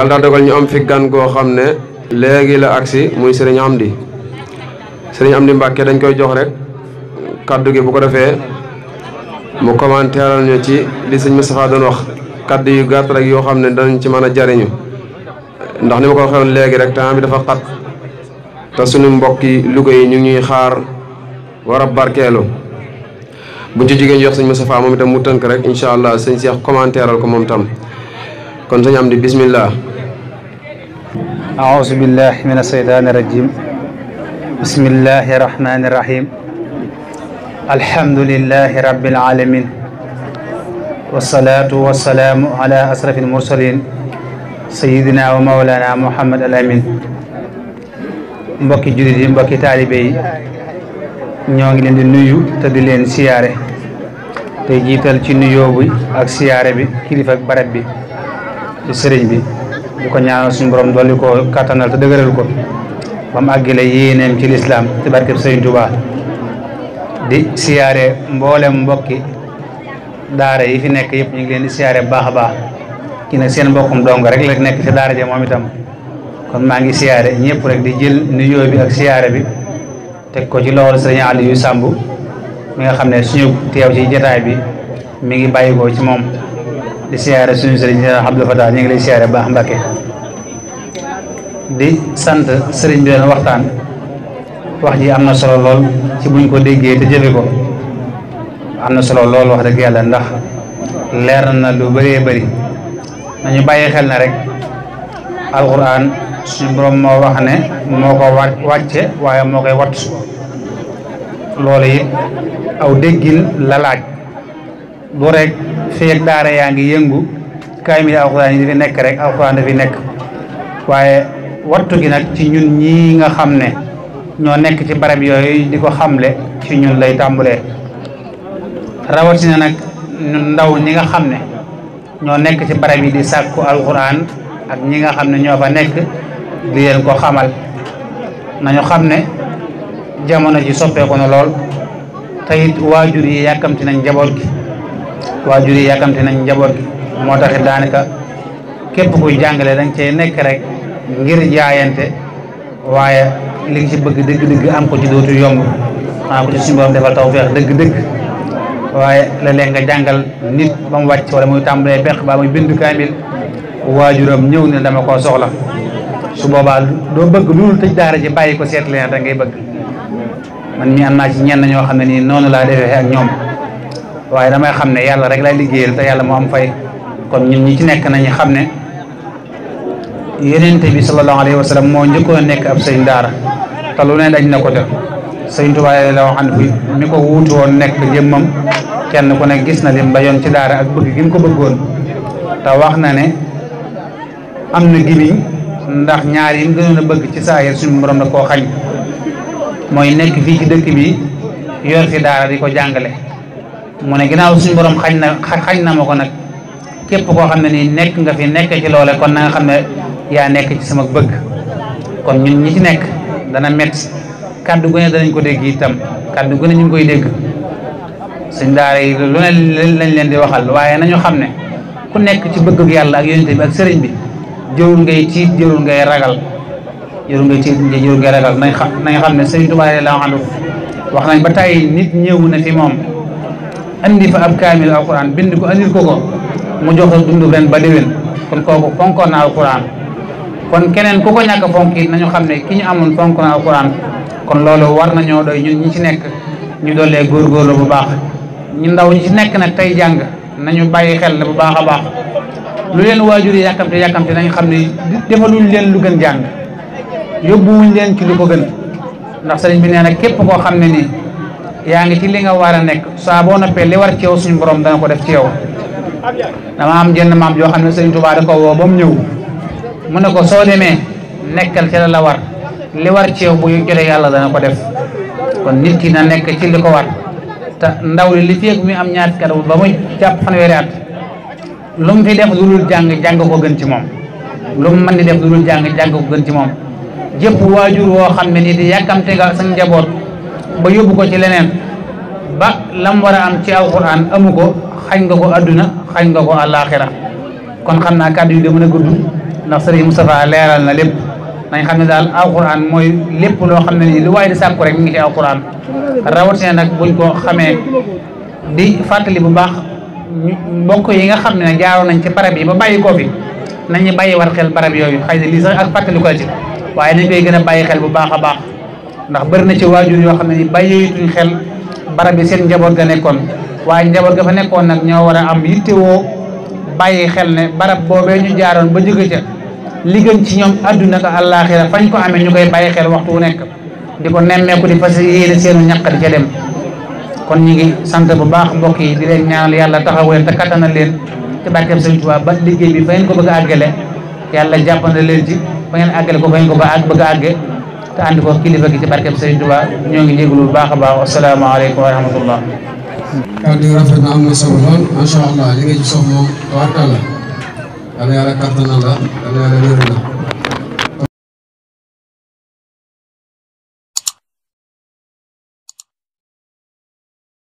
yàlla daa dogal ñu am fi gan go xamne legui la aksi muy serigne Amdi serigne Amdi Mbàkke dañ koy jox rek kaddu gi bu ko defé mu commentaire ñu ci li serigne Moustapha doon wax kaddu yu gatt rek yo xamne dañ ci mëna jariñu ndax ni ma ko waxee woon rek temps bi dafa xat ta suñu yi lu gay ñu ñuy xaar wara a bu ci jigéen jox serigne Moustapha mom tam mu tënk rek inshallah serigne Cheikh commentaire ko mom tam kon Amdi bismillah أعوذ بالله من الشيطان الرجيم بسم الله الرحمن الرحيم الحمد لله رب العالمين والصلاة والسلام على أشرف المرسلين سيدنا ومولانا محمد الأمين mbokki jullit yi mbokki taalibe yi ñoo ngi leen di nuyu te di leen siyaare te jiital ci nuyoo bi ak siyaare bi kilifa ak barab bi sëriñ bi di ko ñaanal suñu borom dolli ko kattanal te dëgëral ko ba mu àggale yéeneem ci lislaam ci barkeb Sëriñ Tuubaa di siyaare mboolem mbokki daara yi fi nekk yëpp ñu ngi leen di siyaare baax a baax ki ne seen mbokkum dong rek la nekk ci daara ja moom itam kon maa ngi siyaare ñëpp rek di jël nuyoo bi ak siyaare bi teg ko ci loxol Sëriñ Aliou Samb mi nga xam ne suñu teew ci jataay bi mi ngi bàyyi ko ci moom di siyaare suñu sëriñ Abdou Fatah ñu ngi lay siyaare baax Mbàkke di sant sëriñ bi leen waxtaan wax ji am na solo lool ci buñ ko déggee te jëfe ko am na solo lool wax dëgg yàlla ndax leer na lu bëree bëri nañu bàyyi xel na rek alxuraan suñu borom moo wax ne moo ko wàcce waaye moo koy wat loolu it aw déggin la du rek feeg daara yaa ngi yëngu kaamil alxuraan yi dafi nekk rek alxuraan dafi nekk waaye wattu gi nag ci ñun ñii nga xam ne ñoo nekk ci barab yooyu di ko xamle ci ñun lay tàmbulee rawatina nag ndaw ñi nga xam ne ñoo nekk ci barab yi di sàkku alxuraan ak ñi nga xam ne ñoo fa nekk di leen ko xamal nañu xam ne jamono ji soppeeku na lool te it waajur yi yàkkamti nañ njaboot gi waajur yi yàkkamte nañ njaboot gi moo taxit daanaka képp koy jàngale danga cee nekk rek ngir jaayante waaye li nga ci bëgg dëgg-dëgg am ko ci dootu yomb maanaam ko ci suñu borom defal tawfeex waaye léeg-léeg nga jàngal nit ba mu wàcc wala muy tàmbalee beq ba muy bind kaamil waajuram ñëw ne dama koo soxla su boobaa doo bëgg loolu tëj daara ji bàyyi ko seet leen rek ngay bëgg man mi am naa ci ñenn ñoo xam ne nii noonu laa defee ak ñoom waaye damay xam ne yàlla rek lay liggéeyal te yàlla moo am fay kon ñun ñi ci nekk nañu xam ne yonent bi sallallahu alayhi wa sallam moo njëkkoon nekk ab sëñ daara te lu ne daj na ko def sëñ Tuubaa la waxan fi mi ko wuutu woon nekk jëmmam kenn ku ne gis na lim ba ci daara ak bëgg gi ko bëggoon te wax na ne am na gimiñ ndax ñaar yi bëgg ci saa yi suñu borom da koo xañ mooy nekk fii ci dëkk bi yor fi daara di ko jàngale mu ne ginnaaw suñu borom xañ na xañ na ma ko nag képp koo xam ne nii nekk nga fi nekk ci loole kon na nga xam ne yaa nekk ci sama bëgg kon ñun ñi ci nekk dana métti kàddu gu ne danañ ko dégg itam kàddu gu ne ñu ngi koy dégg suñ daara yi lu ne lañ leen di waxal waaye nañu xam ne ku nekk ci bëgg yàlla ak yonent sëriñ bi jërul ngay tiit jërul ngay ragal jërul ngay tiit jërul ngay ragal nañ xam nañ xam ne sëriñ Tuubaa wax nañ ba tey nit ñëw na fi moom andi fa ab kaamil alquran bind ko andil ko ko mu jox dundu ren ba déwén kon kooku fonkoon na alquran kon keneen ku ko ñàkk a fonk it nañu xam ne ki ñu amoon fonk na alquran kon loolu war na nañoo doy ñu ñi ci nekk ñu doolee góorgóorlu bu baax ñu ndaw ñi ci nekk nag tey jàng nañu bàyyi xel bu baax a baax lu leen waajur yi yàkkamte yàkkamte nañ xam ne defaluñ leen lu gën jàng yóbbuwuñ leen ci lu ko gën ndax sëriñ bi nee na képp koo xam ne nii yaa ngi ci li nga war a nekk saa boo noppee li war ci yow suñu borom dana ko def ci yow dama am jenn maam joo xam ne sëñ Tuubaa da ko woo ba mu ñëw mu ne ko soo demee nekkal ci la war li war ci yow bu jotee yàlla dana ko def kon nit ki na nekk ci li ko war te ndaw li li feeg mi am ñaar kàddu ba mu jàpp fanweeri at lu mu fi def lu dul jàng jàng ko gën ci moom lu mu mën di def lu dul jàng jàng ko gën ci moom jëpp waajur woo xam ne nii di yàkkamte nga ba yóbbu ko ci leneen ba lam war a am ci alxuraan amu ko xañ nga ko adduna xañ nga ko àllaaxira kon xam naa kàddu yi da mën a gudd ndax sëriñ Moustapha leeral na lépp nañ xam ne daal alxuraan mooy lépp loo xam ne nii lu waaye di sàkku rek mi ngi ci alxuraan rawatina nag buñ ko xamee di fàttali bu baax mbokk yi nga xam ne jaaroon nañ ci barab yi ba bàyyi koo fi nañu bàyyi war xel barab yooyu xëy na lii sax ak fàttali ko koy a bàyyi xel bu baax a baax ndax bëri na ci waajur yoo xam ne ni bàyyeetuñ xel barab bi seen njaboot ga nekkoon waaye njaboot ga fa nekkoon nag ñoo war a am yittewoo bàyyi xel ne barab boobee ñu jaaroon ba jóge ca li gën ci ñoom àdduna ak àllaaxira fañ ko amee ñu koy bàyyi xel waxtu wu nekk di ko nemmeeku di fas yéene seenu ñàkk di ca dem kon ñu ngi sant bu baax mbokk yi di leen ñaanal yàlla taxawee te kattanal leen ci barkeb Sëñ Tuubaa ba liggéey bi fa ngeen ko bëgg a àggale yàlla jàppandal te ànd ko kilifa gi ci barkeb Sëriñ Tuubaa ñoo ngi jégalu bu baax a baax asalaamaaleykum wa rahmatullah. kàddu gi rafet na am na la yàlla yàlla kattanal la yàlla yàlla wér